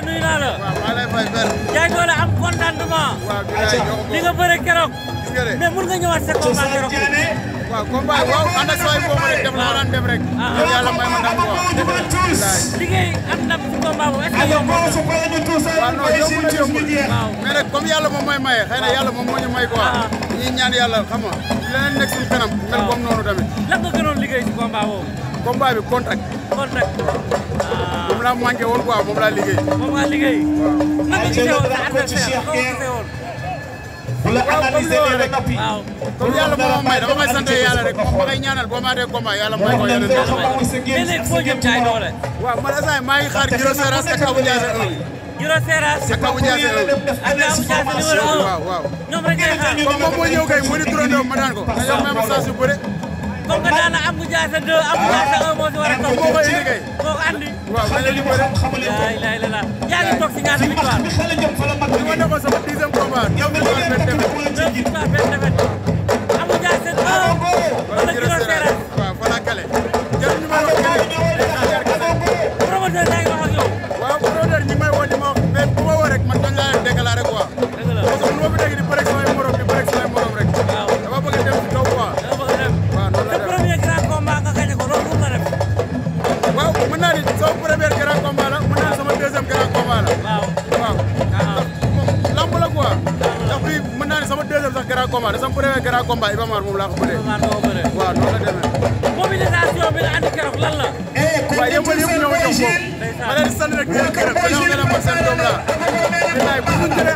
Manga nuyu naa la. waaw maa lay fay benn. jaay doole am contentement. waaw li nga bëre keroog. gis nga de mais mun nga ñëwaat sa combat keroog. waaw combat waaw ànd ak sooy boo ma rek def naa daan def rek. Ah, ah. yow yàlla may ma daan ko wax. li ngay am ndam ci combat boobu est ce que yow. waaw non yombul la yombul. waaw mais nag comme yàlla moom mooy maye xëy na yàlla moom moo ñu may ko waaw ah. ñuy ñaan yàlla xam nga leneen nekk suñu kanam. mel comme noonu tamit. lan nga gënoon liggéey ci combat boobu. combat bi contact. contact. moom laa manqué woon quoi a laa liggéey. moom laa liggéey. Ah. nan nga gisee woon adversaire nga gisee woon. wala analyser leen rek waaw comme yàlla moo ma may dama may sant yàlla rek moom ma ñaanal boo dee combat yàlla may ko yàlla mais léegi foo jëm ngi xaar Giro Seras ak Abou Diassé 1. Giro Seras ak Abou Diassé 1. ak Abou Diassé numéro 1 waaw waaw. ñoom rek ngay ma daan ko. waaw waaw ma yow même comme que daal Abou Diassé 2 Abou Diassé 1 moo si war a toog moo koy liggéey moo ko andi. waaw li mooy rek la yaa ngi toog si ñaata victoire. combat de sama premier grand combat Iba Mar moom laa ko bëree. waaw noonu la demee. mobilisation bi la andi keroog lan la. Eh, waaye yëpp yëpp ñoo ngi jox foofu. ma leen di sant rek di leen gërëm ba ñoo ngi leen ko seen doom laa.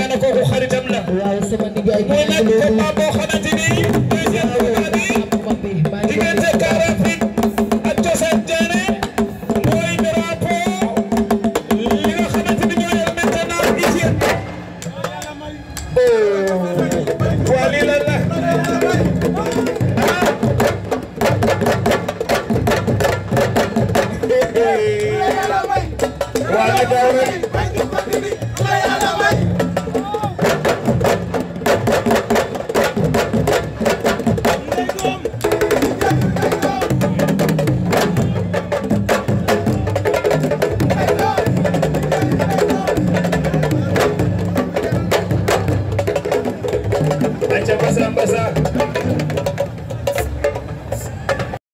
sama nijaay. moo nekk combat boo xamante ni.